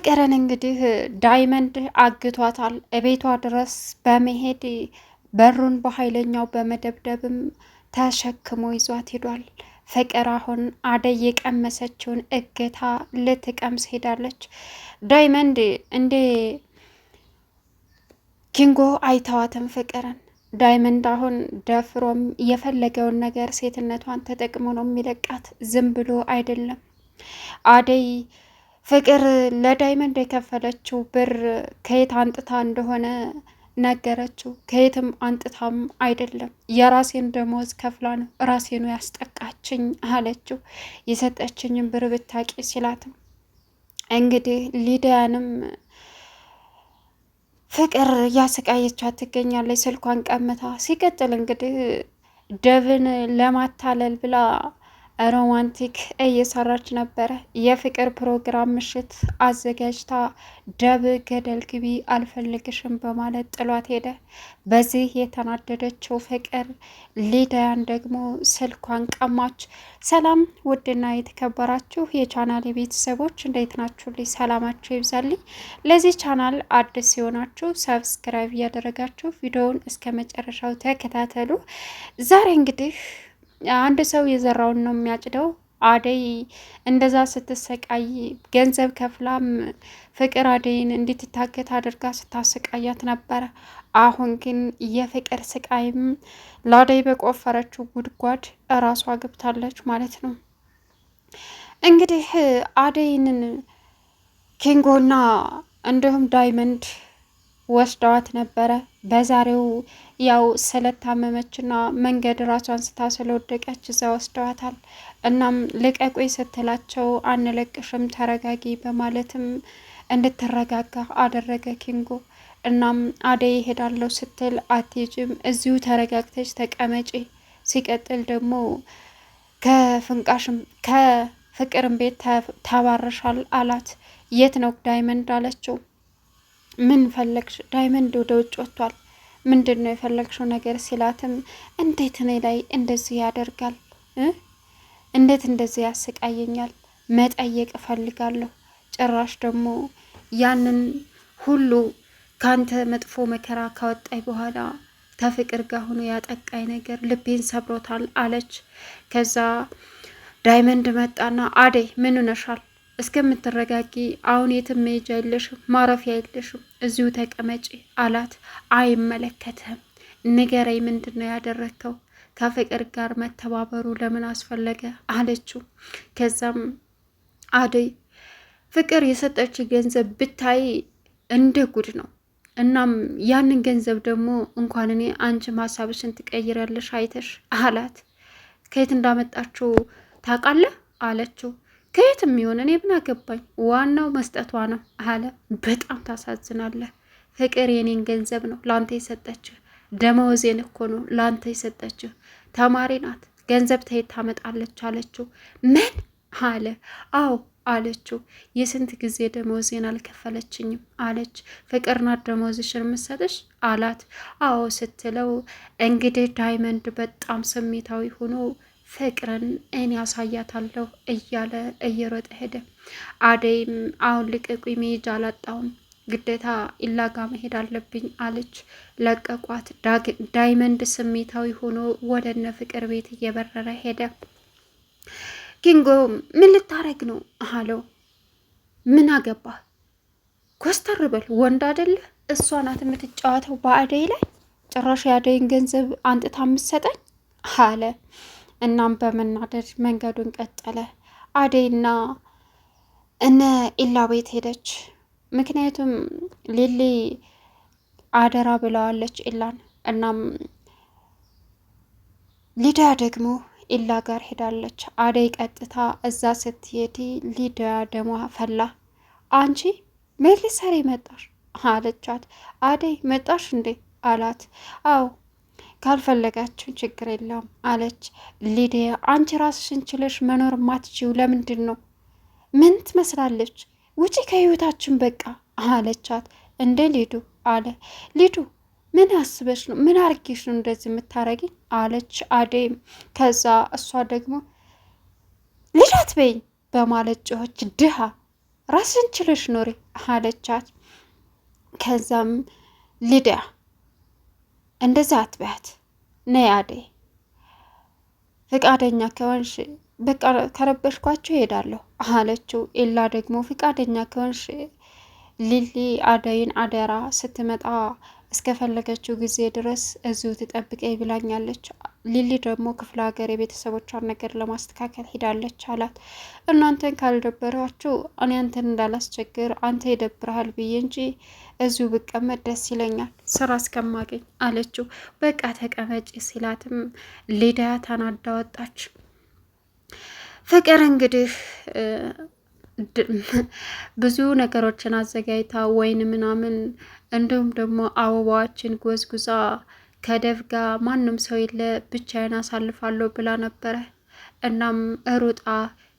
ፍቅርን እንግዲህ ዳይመንድ አግቷታል። እቤቷ ድረስ በመሄድ በሩን በኃይለኛው በመደብደብም ተሸክሞ ይዟት ሄዷል። ፍቅር አሁን አደይ የቀመሰችውን እገታ ልትቀምስ ሄዳለች። ዳይመንድ እንዴ ኪንጎ አይተዋትም ፍቅርን። ዳይመንድ አሁን ደፍሮም የፈለገውን ነገር ሴትነቷን ተጠቅሞ ነው የሚለቃት፣ ዝም ብሎ አይደለም አደይ ፍቅር ለዳይመንድ የከፈለችው ብር ከየት አንጥታ እንደሆነ ነገረችው። ከየትም አንጥታም አይደለም የራሴን ደሞዝ ከፍላ ነው ራሴኑ ያስጠቃችኝ አለችው። የሰጠችኝን ብር ብታቂ ሲላትም እንግዲህ ሊዲያንም ፍቅር ያሰቃየቻት ትገኛለች። ስልኳን ቀምታ ሲቀጥል እንግዲህ ደብን ለማታለል ብላ ሮማንቲክ እየሰራች ነበረ። የፍቅር ፕሮግራም ምሽት አዘጋጅታ ደብ ገደል ግቢ አልፈልግሽም በማለት ጥሏት ሄደ። በዚህ የተናደደችው ፍቅር ሊዳያን ደግሞ ስልኳን ቀማች። ሰላም ውድና የተከበራችሁ የቻናል የቤተሰቦች እንዴት ናችሁ? ልኝ ሰላማችሁ ይብዛልኝ። ለዚህ ቻናል አዲስ ሲሆናችሁ ሰብስክራይብ እያደረጋችሁ ቪዲዮውን እስከ መጨረሻው ተከታተሉ። ዛሬ እንግዲህ አንድ ሰው የዘራውን ነው የሚያጭደው። አደይ እንደዛ ስትሰቃይ ገንዘብ ከፍላም ፍቅር አደይን እንድትታገት አድርጋ ስታሰቃያት ነበረ። አሁን ግን የፍቅር ስቃይም ለአደይ በቆፈረችው ጉድጓድ እራሷ ገብታለች ማለት ነው። እንግዲህ አደይንን ኪንጎና እንዲሁም ዳይመንድ ወስደዋት ነበረ በዛሬው ያው ስለታመመችና መንገድ ራሷን ስታ ስለወደቀች እዛ ወስደዋታል። እናም ልቀቁኝ ስትላቸው አንለቅሽም፣ ተረጋጊ በማለትም እንድትረጋጋ አደረገ ኪንጎ። እናም አደይ ይሄዳለሁ ስትል አትሄጂም፣ እዚሁ ተረጋግተች ተቀመጪ። ሲቀጥል ደግሞ ከፍንቃሽም ከፍቅርም ቤት ተባረሻል አላት። የት ነው ዳይመንድ አለችው። ምን ፈለግሽ? ዳይመንድ ወደ ውጭ ወጥቷል ምንድን ነው የፈለግሽው ነገር ሲላትም እንዴት እኔ ላይ እንደዚህ ያደርጋል? እንዴት እንደዚህ ያሰቃየኛል? መጠየቅ እፈልጋለሁ። ጭራሽ ደግሞ ያንን ሁሉ ካንተ መጥፎ መከራ ካወጣኝ በኋላ ከፍቅር ጋር ሆኖ ያጠቃኝ ነገር ልቤን ሰብሮታል አለች። ከዛ ዳይመንድ መጣና አደይ ምን ነሻል እስከምትረጋጊ አሁን የትም መሄጃ የለሽም፣ ማረፊያ የለሽም፣ እዚሁ ተቀመጪ አላት። አይመለከትህም፣ ንገረኝ፣ ምንድን ነው ያደረግከው? ከፍቅር ጋር መተባበሩ ለምን አስፈለገ አለችው። ከዛም አደይ ፍቅር የሰጠች ገንዘብ ብታይ እንደ ጉድ ነው። እናም ያንን ገንዘብ ደግሞ እንኳን እኔ አንቺም ሀሳብሽን ትቀይሪያለሽ አይተሽ አላት። ከየት እንዳመጣችው ታውቃለህ አለችው። ከየት የሚሆን እኔ ምን አገባኝ፣ ዋናው መስጠቷ ነው አለ። በጣም ታሳዝናለህ ፍቅር። የኔን ገንዘብ ነው ላንተ የሰጠችህ፣ ደመወዜን እኮ ነው ላንተ የሰጠችህ። ተማሪ ናት፣ ገንዘብ ተየት ታመጣለች አለችው። ምን አለ? አዎ አለችው። የስንት ጊዜ ደመወዜን አልከፈለችኝም አለች። ፍቅር ናት ደመወዝሽን የምትሰጥሽ አላት። አዎ ስትለው እንግዲህ ዳይመንድ በጣም ስሜታዊ ሆኖ ፍቅርን እኔ ያሳያታለሁ እያለ እየሮጠ ሄደ። አደይም አሁን ልቀቁኝ፣ መሄጃ አላጣውም፣ ግዴታ ኢላጋ መሄድ አለብኝ አለች። ለቀቋት። ዳይመንድ ስሜታዊ ሆኖ ወደ እነ ፍቅር ቤት እየበረረ ሄደ። ኪንጎ ምን ልታረግ ነው አለው። ምን አገባ ኮስተር በል ወንድ አይደለህ? እሷ ናት የምትጫወተው በአደይ ላይ ጭራሽ የአደይን ገንዘብ አንጥታ የምትሰጠኝ አለ። እናም በመናደድ መንገዱን ቀጠለ። አደይና እነ ኢላ ቤት ሄደች። ምክንያቱም ሊሊ አደራ ብለዋለች ኢላን። እናም ሊዳ ደግሞ ኢላ ጋር ሄዳለች። አደይ ቀጥታ እዛ ስትሄድ ሊዳ ደሟ ፈላ። አንቺ ምን ልትሰሪ መጣሽ? አለቻት። አደይ መጣሽ እንዴ? አላት። አዎ ካልፈለጋችሁ ችግር የለውም አለች ሊዲያ። አንቺ ራስሽን ችለሽ መኖር ማትችው ለምንድን ነው? ምን ትመስላለች? ውጪ ከህይወታችን በቃ አለቻት። እንደ ሊዱ አለ ሊዱ ምን አስበሽ ነው? ምን አርጌሽ ነው እንደዚህ የምታረጊ? አለች አደይም። ከዛ እሷ ደግሞ ልዳት በይኝ በማለት ጮኸች። ድሃ ራስን ችለሽ ኖሪ አለቻት። ከዛም ልዳ እንደዛ አትበያት ነይ አደይ ፍቃደኛ ከሆንሽ በቃ ከረበሽኳቸው እሄዳለሁ አለችው። ኤላ ደግሞ ፍቃደኛ ከሆንሽ ሊሊ አደይን አደራ ስትመጣ እስከፈለገችው ጊዜ ድረስ እዚሁ ትጠብቀኝ ብላኛለች። ሊሊ ደግሞ ክፍለ ሀገር የቤተሰቦቿን ነገር ለማስተካከል ሄዳለች አላት። እናንተን ካልደበራችሁ እኔ አንተን እንዳላስቸግር አንተ ይደብረሃል ብዬ እንጂ እዚሁ ብቀመጥ ደስ ይለኛል ስራ እስከማገኝ አለችው። በቃ ተቀመጭ ሲላትም ሊዳያ ታናዳ ወጣች። ፍቅር እንግዲህ ብዙ ነገሮችን አዘጋጅታ ወይን ምናምን እንዲሁም ደግሞ አበባዎችን ጎዝጉዛ ከደብ ጋር ማንም ሰው የለ ብቻዬን አሳልፋለሁ ብላ ነበረ። እናም እሩጣ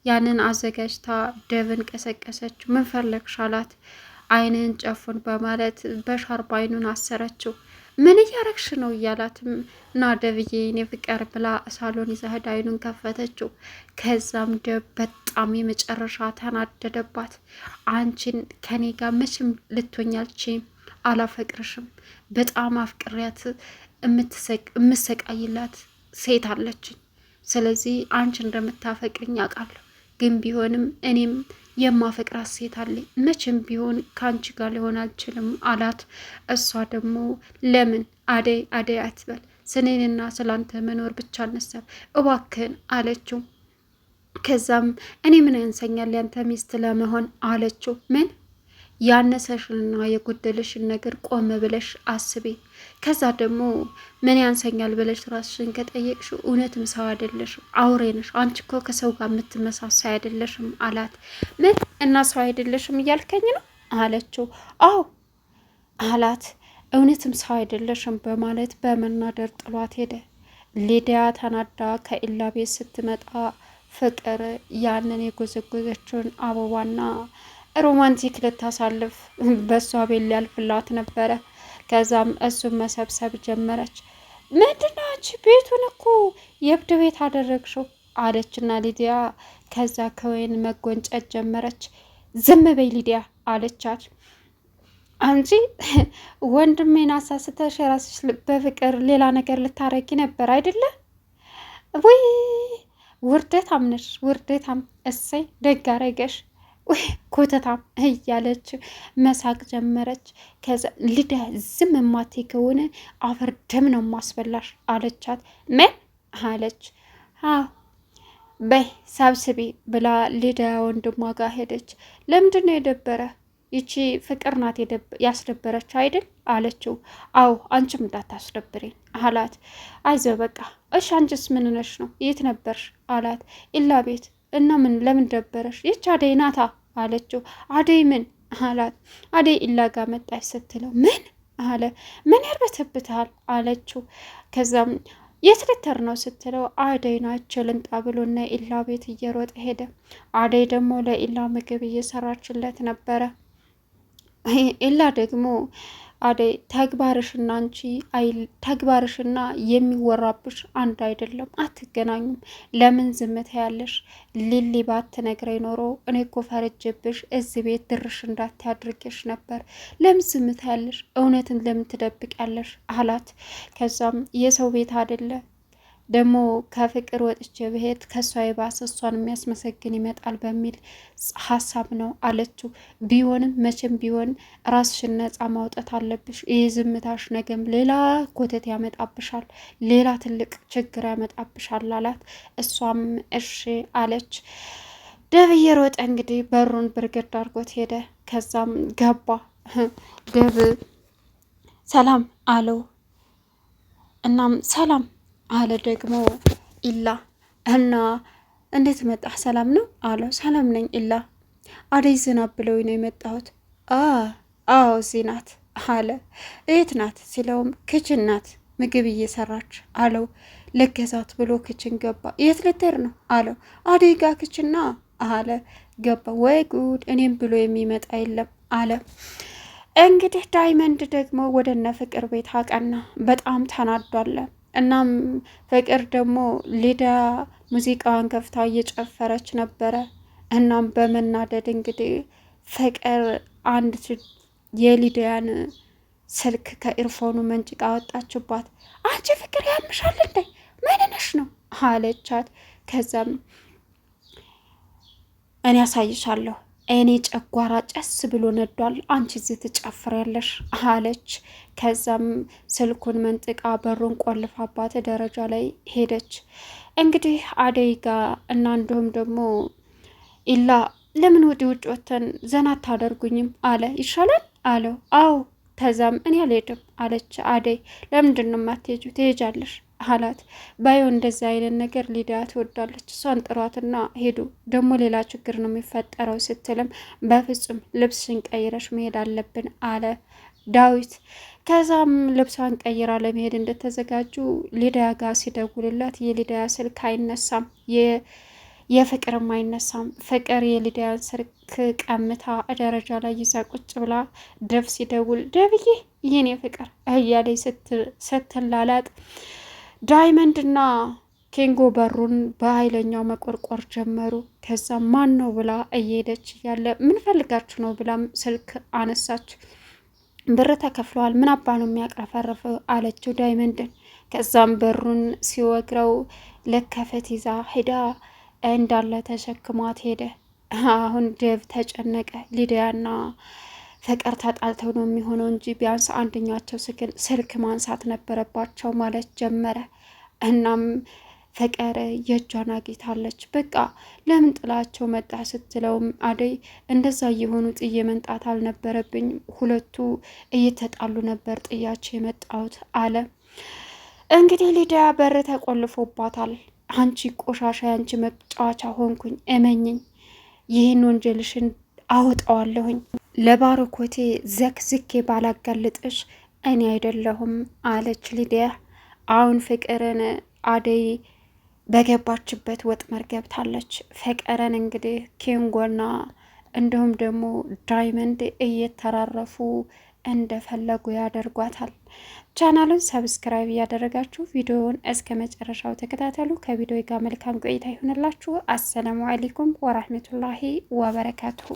ያንን አዘጋጅታ ደብን ቀሰቀሰችው። ምን ፈለግሽ አላት። አይንህን ጨፉን በማለት በሻርባ አይኑን አሰረችው። ምን እያረግሽ ነው እያላትም እና ደብዬ የኔ ፍቅር ብላ ሳሎን ይዘህድ አይኑን ከፈተችው። ከዛም ደብ በጣም የመጨረሻ ተናደደባት። አንቺን ከኔ ጋር መቼም ልትሆኛልችም አላፈቅርሽም፣ በጣም አፍቅሪያት የምሰቃይላት ሴት አለችኝ። ስለዚህ አንቺ እንደምታፈቅርኝ አውቃለሁ፣ ግን ቢሆንም እኔም የማፈቅራት ሴት አለ። መቼም ቢሆን ከአንቺ ጋር ሊሆን አልችልም አላት። እሷ ደግሞ ለምን አደይ አደይ አትበል ስኔንና ስላንተ መኖር ብቻ አነሳብ እባክህን አለችው። ከዛም እኔ ምን ያንሰኛል ያንተ ሚስት ለመሆን አለችው። ምን ያነሰሽንና የጎደለሽን ነገር ቆም ብለሽ አስቤ ከዛ ደግሞ ምን ያንሰኛል ብለሽ ራስሽን ከጠየቅሽ እውነትም ሰው አይደለሽም፣ አውሬ ነሽ። አንቺ እኮ ከሰው ጋር የምትመሳሳይ አይደለሽም አላት። ምን እና ሰው አይደለሽም እያልከኝ ነው አለችው። አዎ አላት። እውነትም ሰው አይደለሽም በማለት በመናደር ጥሏት ሄደ። ሊዲያ ተናዳ ከኢላ ቤት ስትመጣ ፍቅር ያንን የጎዘጎዘችውን አበባና ሮማንቲክ ልታሳልፍ በእሷ ቤት ሊያልፍላት ነበረ። ከዛም እሱን መሰብሰብ ጀመረች። ምንድናች ቤቱን እኮ የእብድ ቤት አደረግሽው አለችና ሊዲያ ከዛ ከወይን መጎንጨት ጀመረች። ዝም በይ ሊዲያ አለቻት። አንቺ ወንድሜን አሳስተሽ የራስሽ በፍቅር ሌላ ነገር ልታረጊ ነበር አይደለ? ውይ ውርደታም ነሽ ውርደታም። እሰይ ደግ አረገሽ። ወይ ኮተታም እያለች መሳቅ ጀመረች። ከዛ ልደ ዝም ማቴ ከሆነ አፈር ደም ነው ማስበላሽ አለቻት። ምን አለች? አዎ በይ ሰብስቢ ብላ ሊዳ ወንድሟ ጋር ሄደች። ለምንድን ነው የደበረ? ይቺ ፍቅር ናት ያስደበረች አይደል አለችው። አዎ አንቺም እንዳታስደብሬን አላት። አይዘው በቃ እሺ፣ አንቺስ ምን ነሽ ነው የት ነበርሽ አላት። ኢላ ቤት እና ምን ለምን ደበረሽ? ይች አደይ ናታ አለችው። አደይ ምን አላት? አደይ ኢላጋ መጣች ስትለው ምን አለ። ምን ያርበተብታል አለችው። ከዛም የት ልትር ነው ስትለው አደይ ናቸው ልንጣ ብሎ ብሎና ኢላ ቤት እየሮጠ ሄደ። አደይ ደግሞ ለኢላ ምግብ እየሰራችለት ነበረ። ኢላ ደግሞ አደይ ተግባርሽና አንቺ ተግባርሽና የሚወራብሽ አንድ አይደለም፣ አትገናኙም። ለምን ዝምት ያለሽ ሊሊ ባትነግረኝ ኖሮ እኔ እኮ ፈርጄብሽ እዚህ ቤት ድርሽ እንዳታድርጌሽ ነበር። ለምን ዝምት ያለሽ እውነትን ለምን ትደብቅ ያለሽ አላት። ከዛም የሰው ቤት አይደለ ደግሞ ከፍቅር ወጥቼ ብሄድ ከእሷ የባሰ እሷን የሚያስመሰግን ይመጣል በሚል ሀሳብ ነው አለችው። ቢሆንም መቼም ቢሆን ራስሽን ነፃ ማውጣት አለብሽ። ይህ ዝምታሽ ነገም ሌላ ኮተት ያመጣብሻል፣ ሌላ ትልቅ ችግር ያመጣብሻል አላት። እሷም እሺ አለች። ደብዬ ሮጠ እንግዲህ በሩን ብርግድ አድርጎት ሄደ። ከዛም ገባ። ደብ ሰላም አለው። እናም ሰላም አለ ደግሞ ኢላ። እና እንዴት መጣህ ሰላም ነው አለው። ሰላም ነኝ ኢላ፣ አደይ ዝናብ ብለውኝ ነው የመጣሁት። አዎ እዚህ ናት አለ። የት ናት ሲለውም ክችን ናት ምግብ እየሰራች አለው። ልገዛት ብሎ ክችን ገባ። የት ልትሄድ ነው አለው። አደይ ጋ ክችና አለ ገባ። ወይ ጉድ እኔም ብሎ የሚመጣ የለም አለ። እንግዲህ ዳይመንድ ደግሞ ወደ እነ ፍቅር ቤት አቀና። በጣም ተናዷለን እናም ፍቅር ደግሞ ሊዳ ሙዚቃዋን ከፍታ እየጨፈረች ነበረ። እናም በመናደድ እንግዲህ ፍቅር አንድ የሊዳያን ስልክ ከኢርፎኑ መንጭቃ ወጣችባት። አንቺ ፍቅር ያምሻል እንዴ? ምን ነው አለቻት። ከዛም እኔ ያሳይሻለሁ እኔ ጨጓራ ጨስ ብሎ ነዷል፣ አንቺ እዚህ ትጨፍሪያለሽ አለች። ከዛም ስልኩን መንጥቃ በሩን ቆልፋባት ደረጃ ላይ ሄደች። እንግዲህ አደይ ጋ እና እንዲሁም ደግሞ ኢላ ለምን ወዲ ውጭ ወተን ዘና አታደርጉኝም አለ። ይሻላል አለው። አዎ። ከዛም እኔ አልሄድም አለች አደይ። ለምንድን ነው የማትሄጂው? ትሄጃለሽ አላት። ባየው እንደዚ አይነት ነገር ሊዲያ ትወዳለች፣ እሷን ጥሯትና ሄዱ፣ ደግሞ ሌላ ችግር ነው የሚፈጠረው ስትልም በፍጹም ልብስሽን ቀይረሽ መሄድ አለብን አለ ዳዊት። ከዛም ልብሷን ቀይራ ለመሄድ እንደተዘጋጁ ሊዲያ ጋር ሲደውልላት የሊዲያ ስልክ አይነሳም፣ የፍቅርም አይነሳም። ፍቅር የሊዲያን ስልክ ቀምታ ደረጃ ላይ ይዛ ቁጭ ብላ ደፍ ሲደውል ደብዬ ይህን የፍቅር እያለች ስትላላጥ ዳይመንድና ኬንጎ በሩን በኃይለኛው መቆርቆር ጀመሩ። ከዛ ማን ነው ብላ እየሄደች ያለ ምን ፈልጋችሁ ነው ብላም ስልክ አነሳች። ብር ተከፍለዋል፣ ምን አባ ነው የሚያቅረፈረፈ አለችው ዳይመንድን። ከዛም በሩን ሲወግረው ለከፈት ይዛ ሄዳ እንዳለ ተሸክሟት ሄደ። አሁን ደብ ተጨነቀ ሊዲያና ፍቅር ተጣልተው ነው የሚሆነው እንጂ ቢያንስ አንደኛቸው ስልክ ማንሳት ነበረባቸው ማለት ጀመረ። እናም ፍቅር የእጇን አግኝታለች። በቃ ለምን ጥላቸው መጣ ስትለውም አደይ እንደዛ ጥዬ መንጣት አልነበረብኝ፣ ሁለቱ እየተጣሉ ነበር ጥያቸው የመጣሁት አለ። እንግዲህ ሊዲያ በር ተቆልፎባታል። አንቺ ቆሻሻ፣ ያንቺ መጫወቻ ሆንኩኝ፣ እመኝኝ፣ ይህን ወንጀልሽን አውጠዋለሁኝ። ለባርኮቴ ዘክዝኬ ባላጋልጥሽ እኔ አይደለሁም አለች ሊዲያ። አሁን ፍቅርን አደይ በገባችበት ወጥመድ ገብታለች። ፍቅርን እንግዲህ ኬንጎና እንዲሁም ደግሞ ዳይመንድ እየተራረፉ እንደፈለጉ ያደርጓታል። ቻናሉን ሰብስክራይብ እያደረጋችሁ ቪዲዮውን እስከ መጨረሻው ተከታተሉ። ከቪዲዮ ጋር መልካም ቆይታ ይሆንላችሁ። አሰላሙ አሌይኩም ወራህመቱላሂ ወበረካቱሁ